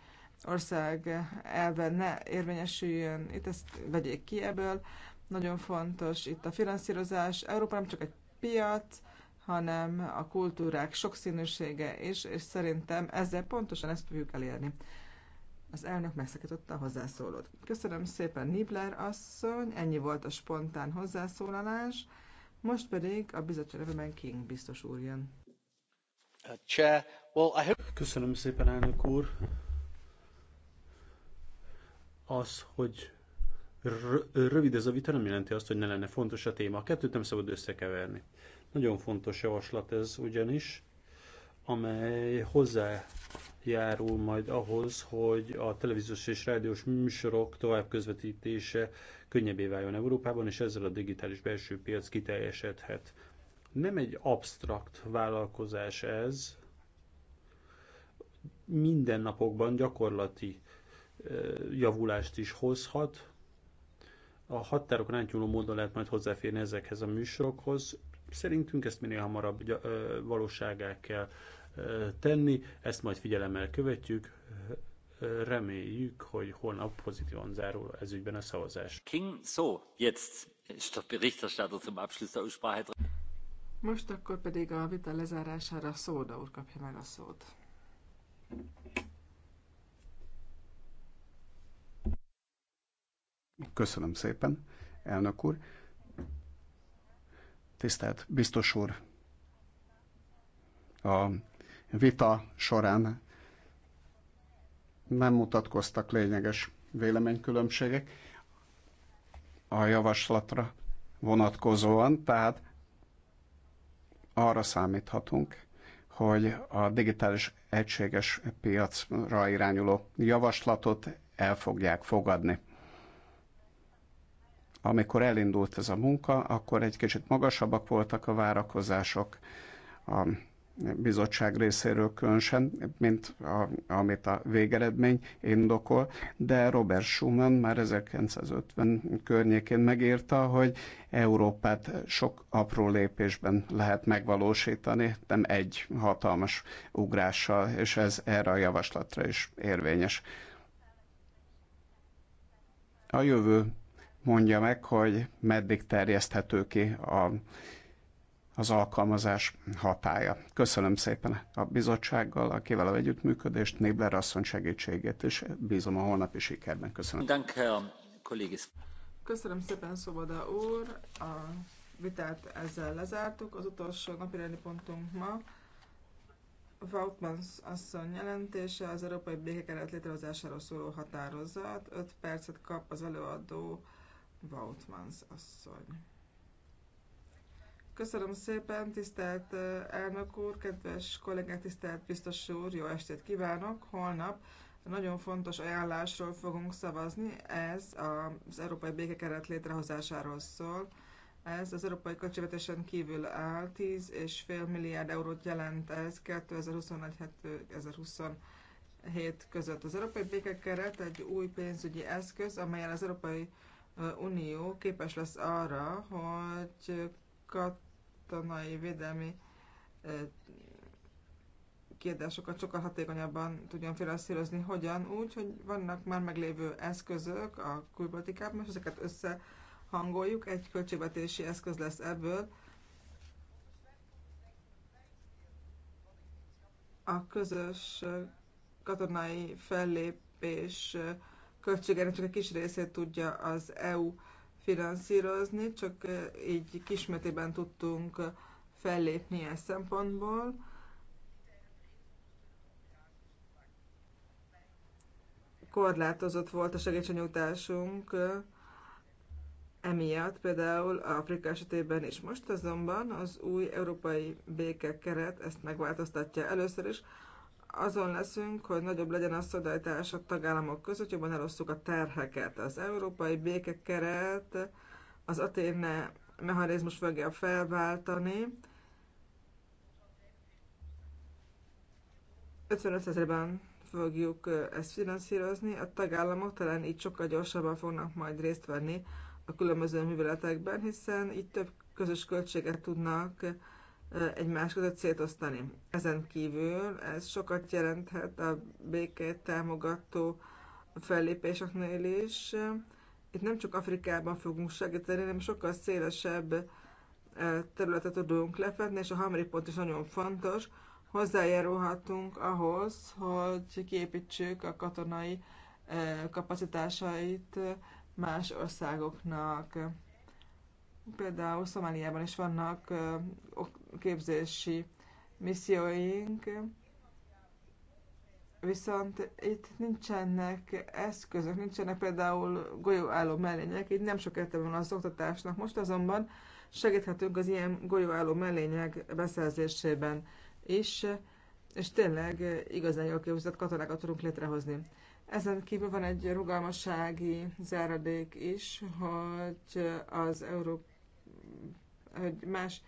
S5: ország elve ne érvényesüljön, itt ezt vegyék ki ebből. Nagyon fontos itt a finanszírozás. Európa nem csak egy piac, hanem a kultúrák sokszínűsége is, és szerintem ezzel pontosan ezt fogjuk elérni. Az elnök megszakította a hozzászólót. Köszönöm szépen, Nibler asszony, ennyi volt a spontán hozzászólalás. Most
S6: pedig a bizottság nevében King biztos úr jön.
S2: Uh,
S6: Köszönöm szépen, elnök úr az, hogy rövid ez a vita, nem jelenti azt, hogy ne lenne fontos a téma. A kettőt nem szabad összekeverni. Nagyon fontos javaslat ez ugyanis, amely hozzájárul majd ahhoz, hogy a televíziós és rádiós műsorok tovább közvetítése könnyebbé váljon Európában, és ezzel a digitális belső piac kiteljesedhet. Nem egy absztrakt vállalkozás ez, mindennapokban gyakorlati javulást is hozhat. A határokon átnyúló módon lehet majd hozzáférni ezekhez a műsorokhoz. Szerintünk ezt minél hamarabb valóságá kell tenni, ezt majd figyelemmel követjük. Reméljük, hogy holnap pozitívan zárul ez ügyben a szavazás.
S2: King, so, jetzt ist der Berichterstatter zum Abschluss der Aussprache
S5: Most akkor pedig a vita lezárására Szóda úr kapja meg a szót.
S4: Köszönöm szépen, elnök úr. Tisztelt biztos úr, a vita során nem mutatkoztak lényeges véleménykülönbségek a javaslatra vonatkozóan, tehát arra számíthatunk, hogy a digitális egységes piacra irányuló javaslatot el fogják fogadni amikor elindult ez a munka, akkor egy kicsit magasabbak voltak a várakozások a bizottság részéről különösen, mint a, amit a végeredmény indokol, de Robert Schumann már 1950 környékén megírta, hogy Európát sok apró lépésben lehet megvalósítani, nem egy hatalmas ugrással, és ez erre a javaslatra is érvényes. A jövő mondja meg, hogy meddig terjeszthető ki a, az alkalmazás hatája. Köszönöm szépen a bizottsággal, akivel a együttműködést, Nébler asszony segítségét, és bízom a holnapi sikerben. Köszönöm.
S5: Köszönöm szépen, Szoboda úr. A vitát ezzel lezártuk. Az utolsó napirendi pontunk ma Vautmans asszony jelentése az Európai Békekeret létrehozásáról szóló határozat. 5 percet kap az előadó Vautmans asszony. Köszönöm szépen, tisztelt elnök úr, kedves kollégák, tisztelt biztos úr, jó estét kívánok! Holnap nagyon fontos ajánlásról fogunk szavazni, ez az Európai Békekeret létrehozásáról szól. Ez az európai költségvetésen kívül áll, 10,5 milliárd eurót jelent ez 2021-2027 között. Az Európai Békekeret egy új pénzügyi eszköz, amelyel az Európai Unió képes lesz arra, hogy katonai védelmi kérdésokat sokkal hatékonyabban tudjon finanszírozni. Hogyan? Úgy, hogy vannak már meglévő eszközök a külpolitikában, és ezeket összehangoljuk. Egy költségvetési eszköz lesz ebből. A közös katonai fellépés költségének csak egy kis részét tudja az EU finanszírozni, csak így kismetében tudtunk fellépni ilyen szempontból. Korlátozott volt a segítségnyújtásunk emiatt, például Afrika esetében is. Most azonban az új európai békekeret ezt megváltoztatja először is azon leszünk, hogy nagyobb legyen a szolidaritás a tagállamok között, jobban elosszuk a terheket. Az európai békekeret az Aténe mechanizmus fogja felváltani. 55 ezerben fogjuk ezt finanszírozni, a tagállamok talán így sokkal gyorsabban fognak majd részt venni a különböző műveletekben, hiszen így több közös költséget tudnak egymás között szétosztani. Ezen kívül ez sokat jelenthet a békét támogató fellépéseknél is. Itt nem csak Afrikában fogunk segíteni, hanem sokkal szélesebb területet tudunk lefedni, és a hamri pont is nagyon fontos. Hozzájárulhatunk ahhoz, hogy kiépítsük a katonai kapacitásait más országoknak. Például Szomáliában is vannak képzési misszióink, viszont itt nincsenek eszközök, nincsenek például golyóálló mellények, így nem sok értelme van az oktatásnak. Most azonban segíthetünk az ilyen golyóálló mellények beszerzésében is, és tényleg igazán jól képzett katonákat tudunk létrehozni. Ezen kívül van egy rugalmassági záradék is, hogy az Európa hogy más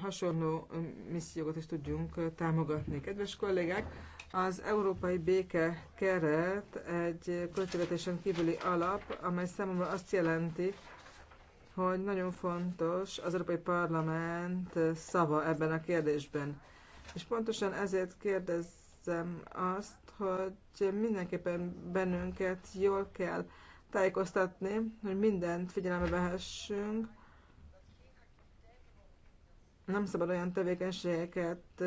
S5: hasonló missziókat is tudjunk támogatni. Kedves kollégák, az Európai Béke Keret egy költségvetésen kívüli alap, amely számomra azt jelenti, hogy nagyon fontos az Európai Parlament szava ebben a kérdésben. És pontosan ezért kérdezem azt, hogy mindenképpen bennünket jól kell tájékoztatni, hogy mindent figyelembe vehessünk, nem szabad olyan tevékenységeket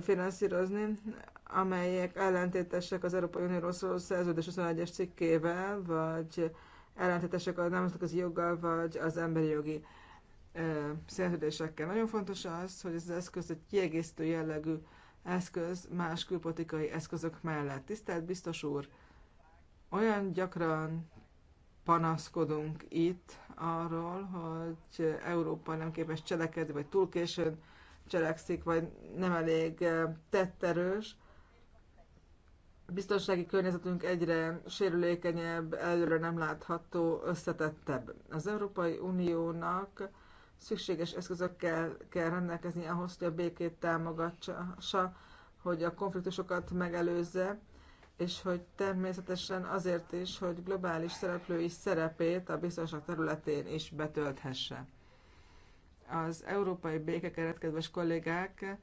S5: finanszírozni, amelyek ellentétesek az Európai Unióról szóló szerződés 21-es cikkével, vagy ellentétesek a nemzetközi joggal, vagy az emberi jogi szerződésekkel. Nagyon fontos az, hogy ez az eszköz egy kiegészítő jellegű eszköz más külpolitikai eszközök mellett. Tisztelt biztos úr, olyan gyakran panaszkodunk itt arról, hogy Európa nem képes cselekedni, vagy túl későn cselekszik, vagy nem elég eh, tetterős. A biztonsági környezetünk egyre sérülékenyebb, előre nem látható, összetettebb. Az Európai Uniónak szükséges eszközökkel kell rendelkezni ahhoz, hogy a békét támogassa, hogy a konfliktusokat megelőzze, és hogy természetesen azért is, hogy globális szereplői szerepét a biztonság területén is betölthesse. Az európai békekeret, kedves kollégák,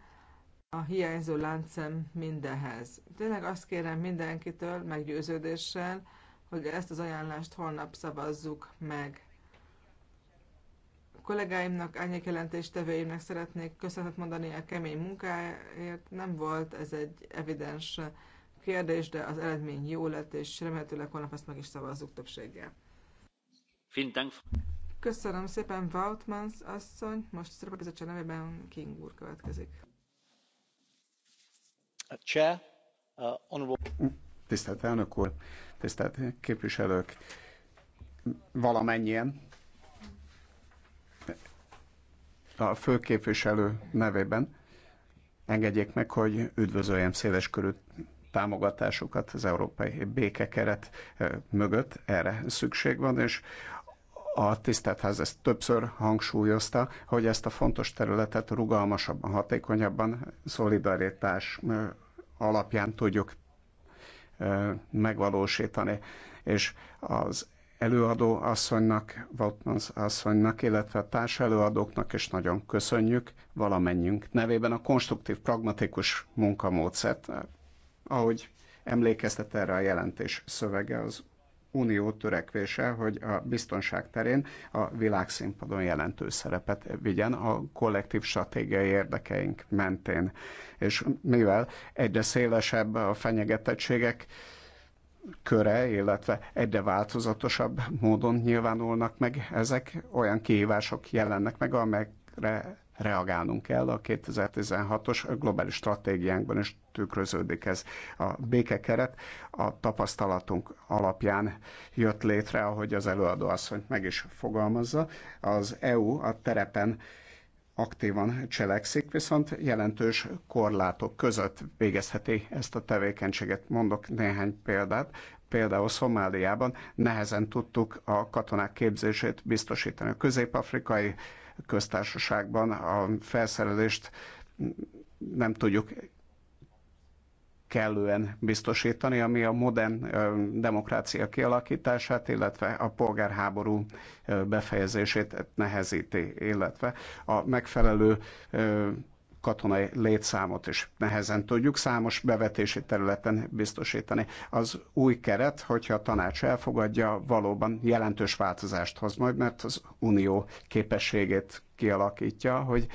S5: a hiányzó láncem mindenhez. Tényleg azt kérem mindenkitől meggyőződéssel, hogy ezt az ajánlást holnap szavazzuk meg. A kollégáimnak, árnyékjelentésteveimnek szeretnék köszönetet mondani a kemény munkáért. Nem volt ez egy evidens kérdés, de az eredmény jó lett, és remélhetőleg holnap ezt meg is szavazzuk többséggel. Köszönöm szépen, Vautmans asszony. Most a nevében King úr következik.
S4: Chair, Tisztelt elnök úr, tisztelt képviselők, valamennyien a főképviselő nevében engedjék meg, hogy üdvözöljem széleskörű támogatásukat az európai békekeret mögött, erre szükség van, és a tiszteltház ezt többször hangsúlyozta, hogy ezt a fontos területet rugalmasabban, hatékonyabban, szolidaritás alapján tudjuk megvalósítani. És az előadó asszonynak, Vautmans asszonynak, illetve a előadóknak is nagyon köszönjük valamennyünk nevében a konstruktív, pragmatikus munkamódszert. Ahogy emlékeztet erre a jelentés szövege, az unió törekvése, hogy a biztonság terén a világszínpadon jelentős szerepet vigyen a kollektív stratégiai érdekeink mentén. És mivel egyre szélesebb a fenyegetettségek köre, illetve egyre változatosabb módon nyilvánulnak meg ezek, olyan kihívások jelennek meg, amelyekre reagálnunk kell. A 2016-os globális stratégiánkban is tükröződik ez a békekeret. A tapasztalatunk alapján jött létre, ahogy az előadó asszonyt meg is fogalmazza. Az EU a terepen aktívan cselekszik, viszont jelentős korlátok között végezheti ezt a tevékenységet. Mondok néhány példát. Például Szomáliában nehezen tudtuk a katonák képzését biztosítani. A közép-afrikai köztársaságban a felszerelést nem tudjuk kellően biztosítani, ami a modern demokrácia kialakítását, illetve a polgárháború befejezését nehezíti, illetve a megfelelő katonai létszámot is nehezen tudjuk számos bevetési területen biztosítani. Az új keret, hogyha a tanács elfogadja, valóban jelentős változást hoz majd, mert az unió képességét kialakítja, hogy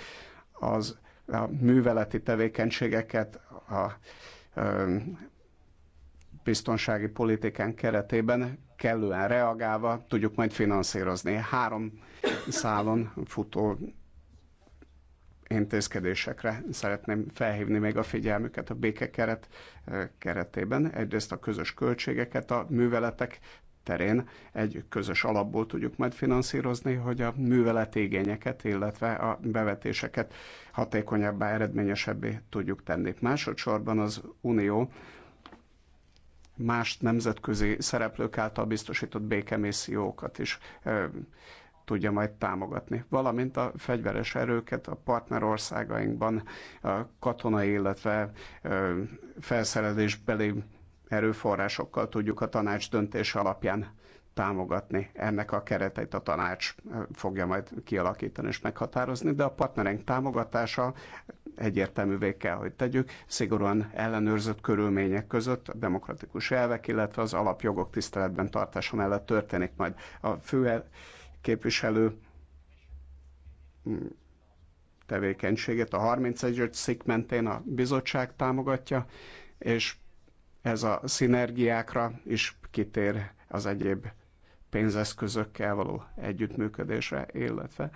S4: az a műveleti tevékenységeket a, a biztonsági politikán keretében kellően reagálva tudjuk majd finanszírozni. Három szálon futó intézkedésekre szeretném felhívni még a figyelmüket a békekeret eh, keretében. Egyrészt a közös költségeket a műveletek terén egy közös alapból tudjuk majd finanszírozni, hogy a művelet igényeket, illetve a bevetéseket hatékonyabbá, eredményesebbé tudjuk tenni. Másodszorban az Unió más nemzetközi szereplők által biztosított békemissziókat is eh, tudja majd támogatni. Valamint a fegyveres erőket a partnerországainkban a katonai, illetve felszerelésbeli erőforrásokkal tudjuk a tanács döntés alapján támogatni. Ennek a kereteit a tanács fogja majd kialakítani és meghatározni, de a partnerenk támogatása egyértelművé kell, hogy tegyük, szigorúan ellenőrzött körülmények között a demokratikus elvek, illetve az alapjogok tiszteletben tartása mellett történik majd. A fő képviselő mm, tevékenységet a 31 szik mentén a bizottság támogatja, és ez a szinergiákra is kitér az egyéb pénzeszközökkel való együttműködésre, illetve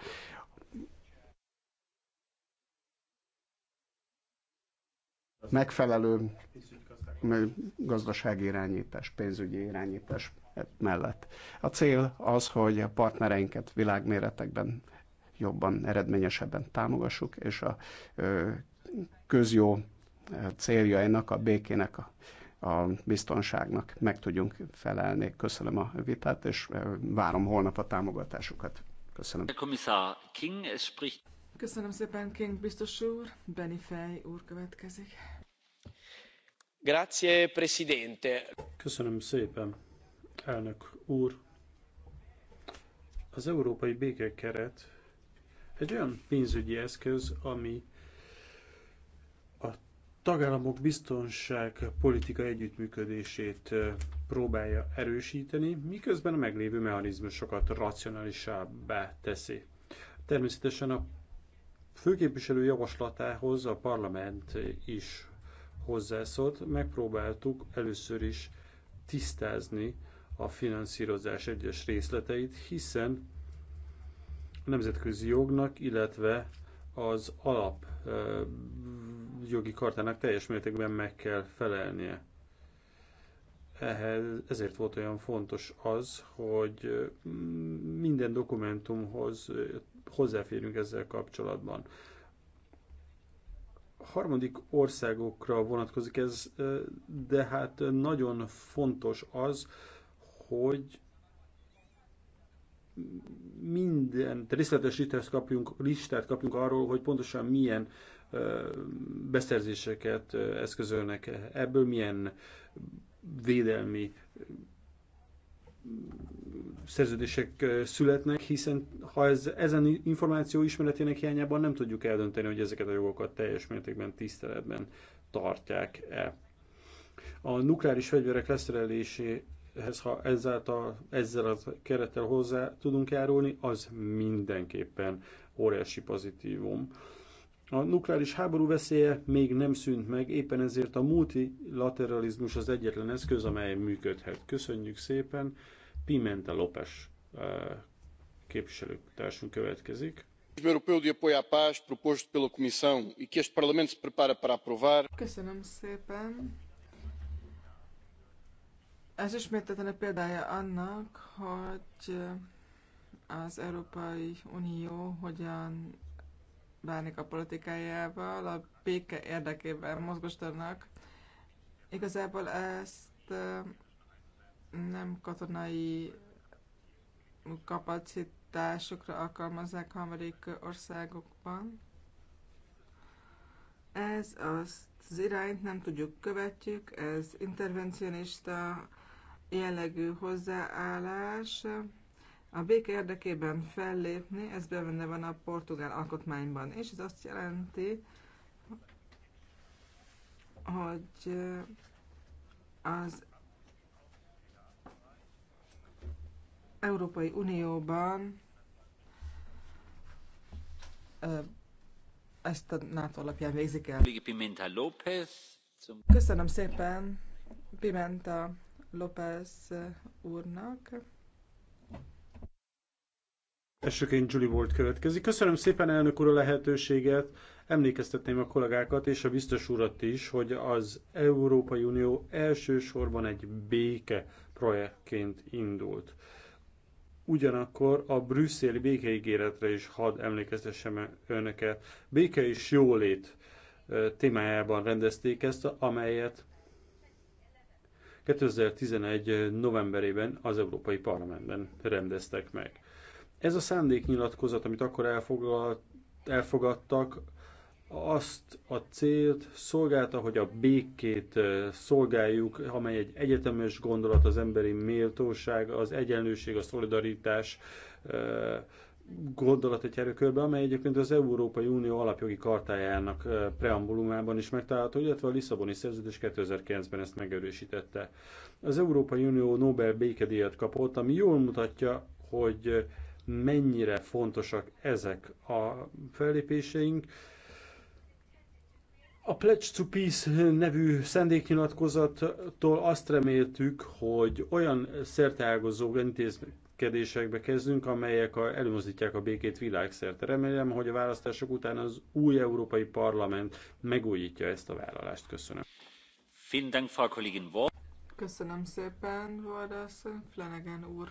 S4: megfelelő gazdasági irányítás, pénzügyi irányítás mellett. A cél az, hogy a partnereinket világméretekben jobban, eredményesebben támogassuk, és a közjó céljainak, a békének, a, a biztonságnak meg tudjunk felelni. Köszönöm a vitát, és várom holnap a támogatásukat. Köszönöm.
S5: Köszönöm szépen, King biztos úr. Benny Fej úr következik.
S4: Grazie, Presidente.
S6: Köszönöm szépen elnök úr! Az Európai Békekeret egy olyan pénzügyi eszköz, ami a tagállamok biztonságpolitika együttműködését próbálja erősíteni, miközben a meglévő mechanizmusokat racionálisabbá teszi. Természetesen a főképviselő javaslatához a parlament is hozzászólt, megpróbáltuk először is tisztázni a finanszírozás egyes részleteit, hiszen a nemzetközi jognak, illetve az alap jogi kartának teljes mértékben meg kell felelnie. Ehhez, ezért volt olyan fontos az, hogy minden dokumentumhoz hozzáférünk ezzel kapcsolatban. A harmadik országokra vonatkozik ez, de hát nagyon fontos az, hogy minden részletes listát kapjunk, listát kapjunk arról, hogy pontosan milyen beszerzéseket eszközölnek ebből, milyen védelmi szerződések születnek, hiszen ha ez, ezen információ ismeretének hiányában nem tudjuk eldönteni, hogy ezeket a jogokat teljes mértékben tiszteletben tartják-e. A nukleáris fegyverek leszerelési ehhez, ha ezáltal, ezzel a kerettel hozzá tudunk járulni, az mindenképpen óriási pozitívum. A nukleáris háború veszélye még nem szűnt meg, éppen ezért a multilateralizmus az egyetlen eszköz, amely működhet. Köszönjük szépen. Pimenta López eh, képviselőtársunk következik. E Köszönöm
S5: szépen. Ez ismételten a példája annak, hogy az Európai Unió hogyan bánik a politikájával, a béke érdekében mozgostanak. Igazából ezt nem katonai kapacitásokra alkalmazzák hamarik országokban. Ez azt az irányt nem tudjuk követjük, ez intervencionista, jellegű hozzáállás a béke érdekében fellépni, ez benne van a portugál alkotmányban, és ez azt jelenti, hogy eh, az Európai Unióban eh, ezt a NATO alapján végzik el. Köszönöm szépen Pimenta López úrnak.
S6: Elsőként Julie Ward következik. Köszönöm szépen elnök úr a lehetőséget. Emlékeztetném a kollégákat és a biztos urat is, hogy az Európai Unió elsősorban egy béke projektként indult. Ugyanakkor a brüsszeli békeigéretre is hadd emlékeztessem önöket. Béke és jólét témájában rendezték ezt, amelyet 2011. novemberében az Európai Parlamentben rendeztek meg. Ez a szándéknyilatkozat, amit akkor elfoglalt, elfogadtak, azt a célt szolgálta, hogy a békét eh, szolgáljuk, amely egy egyetemes gondolat, az emberi méltóság, az egyenlőség, a szolidaritás eh, egy erőkörbe, amely egyébként az Európai Unió alapjogi kartájának preambulumában is megtalálható, illetve a Lisszaboni szerződés 2009-ben ezt megerősítette. Az Európai Unió Nobel békedíjat kapott, ami jól mutatja, hogy mennyire fontosak ezek a fellépéseink. A Pledge to Peace nevű szendéknyilatkozattól azt reméltük, hogy olyan szerteágozó intézmények, intézkedésekbe kezdünk, amelyek a, előmozdítják a békét világszerte. Remélem, hogy a választások után az új Európai Parlament megújítja ezt a vállalást. Köszönöm.
S5: Köszönöm szépen, Vardász Flanagan úr.